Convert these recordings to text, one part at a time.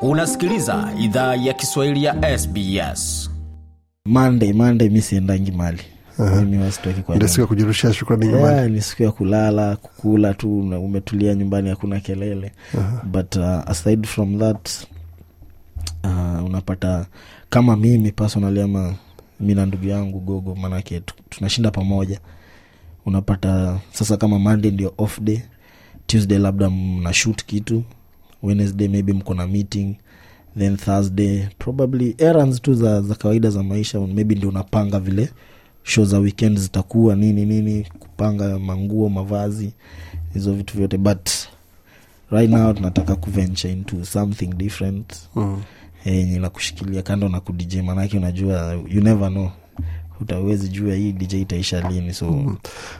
unasikiliza idhaa ya kiswahili ya sbs mande mande mi siendangi mali siku ya eh, ni siku ya kulala kukula tu umetulia nyumbani hakuna kelele uh-huh. but uh, aside from that uh, unapata kama mimi personally ama mi na ndugu yangu gogo manake tunashinda pamoja unapata sasa kama monday ndio off day tuesday labda mnashut kitu wednesday maybe mko na meeting then thursday probably errands tu za, za kawaida za maisha maybe ndio unapanga vile show za weekend zitakuwa nini nini kupanga manguo mavazi hizo vitu vyote but right now tunataka kuventure into something different mm. yenye la kushikilia kando na kudj manake unajua you never know utawezi juu ya hii dj itaisha lini so mm.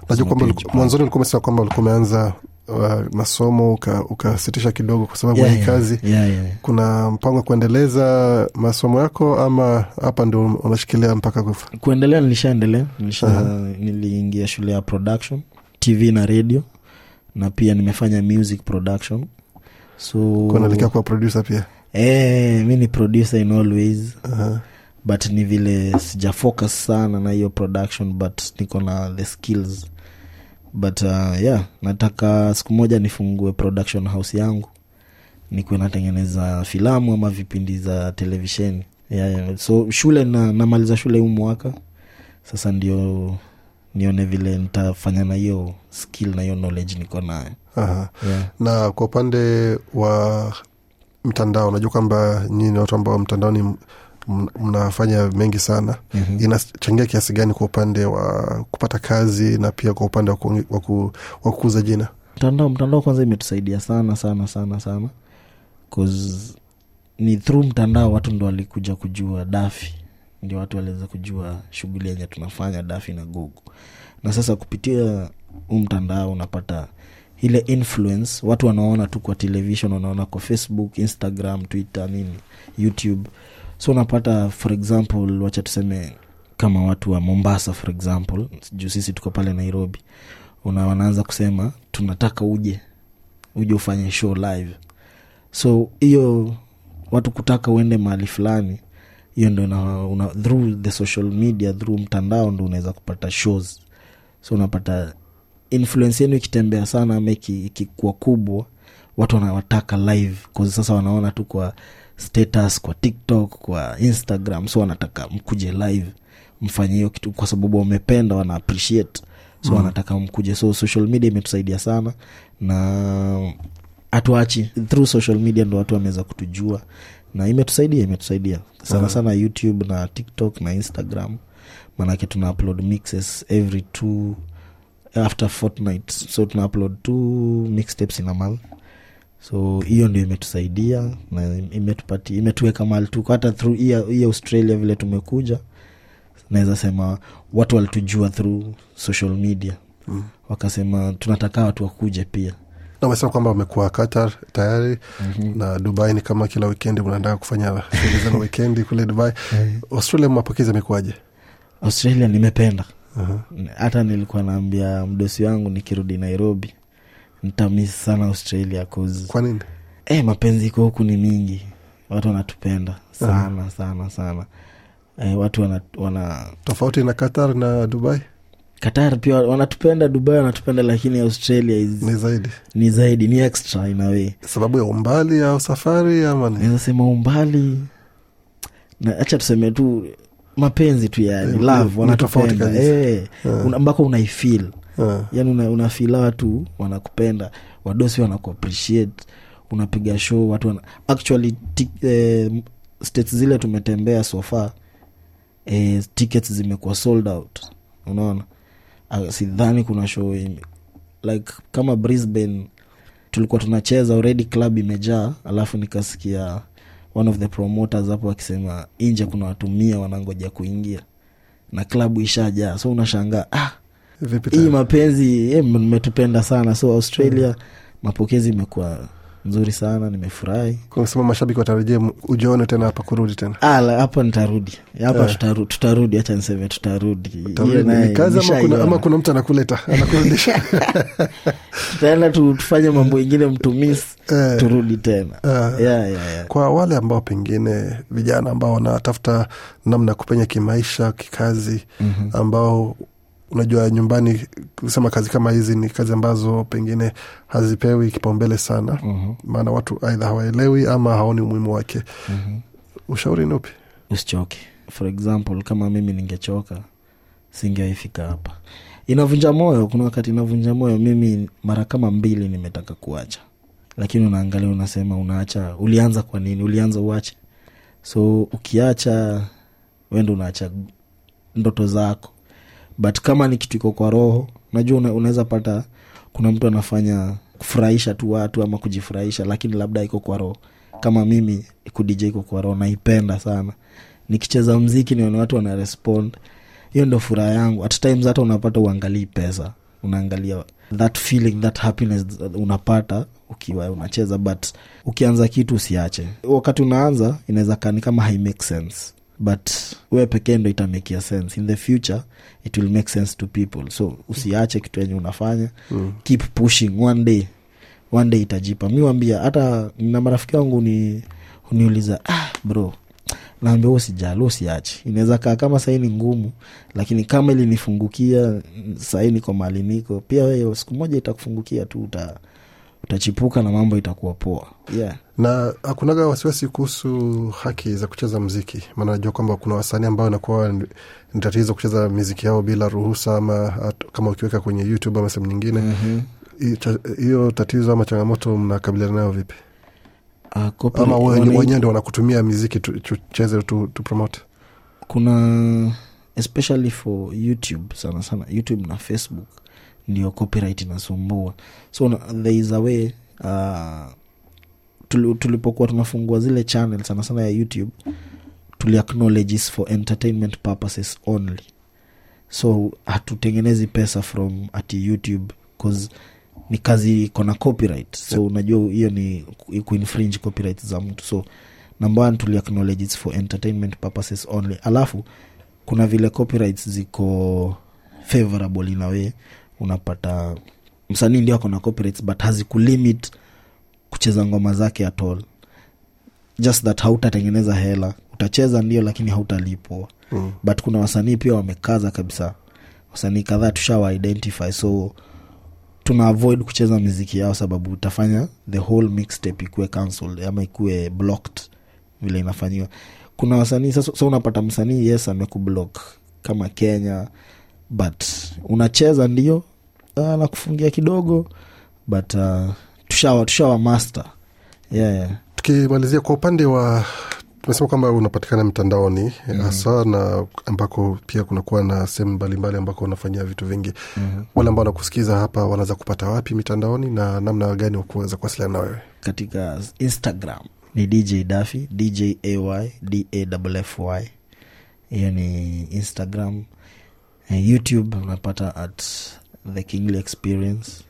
najua kwamba mwanzoni ulikuwa umesema kwamba ulikuwa umeanza wa masomo ukasitisha uka kidogo kwa sababu yeah, hii kazi yeah, yeah, yeah. Kuna mpango wa kuendeleza masomo yako ama hapa ndio unashikilia mpaka kufa? Kuendelea nilishaendelea nilisha, uh -huh. Niliingia shule ya production TV na radio na pia nimefanya music production so kunaelekea kuwa producer pia eh, mi ni producer in always uh -huh but ni vile sijafocus sana na hiyo production but niko na the skills but uh, yeah nataka siku moja nifungue production house yangu nikuwe natengeneza filamu ama vipindi za televisheni yeah, yeah. so shule na, namaliza shule huu mwaka sasa ndio nione vile nitafanya na hiyo skill na hiyo knowledge niko nayo yeah. na kwa upande wa mtandao najua kwamba nyini watu ambao mtandao ni mnafanya mengi sana mm-hmm. inachangia kiasi gani kwa upande wa kupata kazi na pia kwa upande wa kukuza jina mtandao mtandao kwanza imetusaidia sana sana sana sana ni through mtandao watu ndo walikuja kujua dafi ndio watu waliweza kujua shughuli yenye tunafanya dafi na google na sasa kupitia huu mtandao unapata ile influence watu wanaona tu kwa televishon wanaona kwa facebook instagram twitter nini youtube so unapata for example wacha tuseme kama watu wa mombasa for example juu sisi tuko pale nairobi una wanaanza kusema tunataka uje uje ufanye show live so hiyo watu kutaka uende mahali fulani hiyo ndo una, una, through the social media through mtandao ndo unaweza kupata shows so unapata influence yenu ikitembea sana ama ikikuwa kubwa watu wanawataka live cause sasa wanaona tu kwa status kwa tiktok kwa instagram so wanataka mkuje live mfanye hiyo kitu kwa sababu wamependa wana appreciate so mm. wanataka mm. mkuje so social media imetusaidia sana na hatuachi through social media ndo watu wameweza kutujua na imetusaidia imetusaidia sana uh sana youtube na tiktok na instagram manake tuna upload mixes every two after fortnight so tuna upload two mixtapes in a month so hiyo ndio imetusaidia na imetupati imetuweka mahali tuko hata through hii australia vile tumekuja naweza sema watu walitujua through social media mm. wakasema tunataka watu wakuja pia na kwamba wamekuwa qatar tayari mm-hmm. na dubai ni kama kila wikendi mnaendaa kufanya shughuli zenu wikendi kule dubai eh. australia mapokezi amekuwaje australia nimependa uh-huh. hata uh-huh. nilikuwa naambia mdosi wangu nikirudi nairobi ntamis sana australia kwanini eh, mapenzi iko huku ni mingi watu wanatupenda sana uh-huh. sana sana e, watu wana, wana tofauti na qatar na dubai qatar pia wanatupenda dubai wanatupenda lakini australia is, ni zaidi ni zaidi ni extra inawe sababu ya umbali au safari ama sema umbali na hacha tuseme tu mapenzi tu yani e, love wanatupenda e, ambako unaifil uh. Ah. Yani una, una feel watu wanakupenda, wadosi wanakuapreciate unapiga show watu wana, actually tic, eh, states zile tumetembea so far eh, tickets zimekuwa sold out, unaona ah, sidhani kuna show like kama Brisbane tulikuwa tunacheza already club imejaa, alafu nikasikia one of the promoters hapo akisema nje kuna watumia wanangoja kuingia na klabu ishajaa, so unashangaa ah, hii mapenzi eh, mmetupenda sana so australia mm. mapokezi imekuwa nzuri sana nimefurahi sema mashabiki watarejia ujione tena hapa kurudi tena ah, hapa nitarudi hapa yeah. tutarudi hacha niseme tutarudi, ama kuna, mtu anakuleta anakurudisha tutaenda tufanye mambo ingine mtumis yeah. turudi tena yeah. Yeah, yeah, yeah. kwa wale ambao pengine vijana ambao wanatafuta namna ya kupenya kimaisha kikazi mm-hmm. ambao unajua nyumbani kusema kazi kama hizi ni kazi ambazo pengine hazipewi kipaumbele sana mm-hmm. maana watu aidha hawaelewi ama haoni umuhimu wake mm-hmm. ushauri ni upi usichoke for example kama mimi ningechoka singeaifika hapa inavunja moyo kuna wakati inavunja moyo mimi mara kama mbili nimetaka kuacha lakini unaangalia unasema unaacha ulianza kwa nini ulianza uache so ukiacha wendo unaacha ndoto zako but kama ni kitu iko kwa roho unajua unaweza pata kuna mtu anafanya kufurahisha tu watu ama kujifurahisha lakini labda iko kwa roho kama mimi kudj iko kwa roho naipenda sana nikicheza mziki nione watu wanarespond hiyo ndo furaha yangu at times hata unapata uangalii pesa unaangalia that feeling that happiness unapata ukiwa unacheza but ukianza kitu usiache wakati unaanza inaweza kani kama haimake sense but we pekee ndo itamekia sense in the future it will make sense to people so usiache kitu enye unafanya mm. keep pushing one day one day itajipa mi wambia hata na marafiki wangu ni uniuliza ah, bro naambia usijali usiache inaweza kaa kama saini ni ngumu lakini kama ilinifungukia saini niko mali niko pia wewe siku moja itakufungukia tu uta utachipuka na mambo itakuwa poa yeah. Na hakunaga wasiwasi kuhusu haki za kucheza mziki? Maana najua kwamba kuna wasanii ambao inakuwa ni tatizo kucheza miziki yao bila ruhusa, ama kama ukiweka kwenye YouTube ama sehemu nyingine mm-hmm. Hiyo tatizo ama changamoto mnakabiliana nayo vipi? Ah, ama wenyewe ndio wanakutumia miziki tucheze tu, tu promote? Kuna especially for YouTube sana sana, YouTube na Facebook ndio copyright inasumbua so una, there is a way uh, tulipokuwa tunafungua zile channel sana sana ya youtube tuli acknowledge is for entertainment purposes only so hatutengenezi pesa from ati youtube bcause ni kazi iko na copyright so yeah. unajua hiyo ni kuinfringe copyright za mtu so number one tuli acknowledge is for entertainment purposes only alafu kuna vile copyrights ziko favorable in unapata msanii ndio ako na corporates but hazikulimit kucheza ngoma zake at all just that hautatengeneza hela utacheza ndio lakini hautalipwa mm. but kuna wasanii pia wamekaza kabisa wasanii kadhaa tushawa identify so tuna avoid kucheza miziki yao sababu utafanya the whole mixtape ikuwe cancelled ama ikuwe blocked vile inafanyiwa kuna wasanii sasa so unapata msanii yes amekublock kama kenya but unacheza ndio uh, na kufungia kidogo but uh, tushawa tushawa master yeah, yeah. tukimalizia kwa upande wa tumesema kwamba unapatikana hasa mm. hasa na ambako pia kunakuwa na sehemu mbalimbali ambako unafanyia vitu vingi mm. wale ambao wanakusikiza hapa wanaweza kupata wapi mitandaoni na namna gani wakuweza kuwasiliana na wewe katika instagram ni dj dafi dj ay dawfy hiyo ni instagram eh, youtube unapata at the Kigli Experience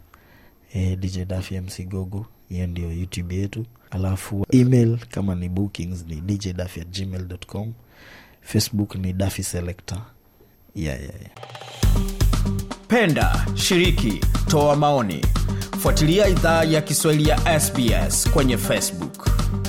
eh, DJ Dafi MC Gogo, hiyo ndio YouTube yetu. Alafu email kama ni bookings ni com Facebook ni Dafi Selector. Yeah, yeah, yeah. Penda, shiriki, toa maoni, fuatilia idhaa ya Kiswahili ya SBS kwenye Facebook.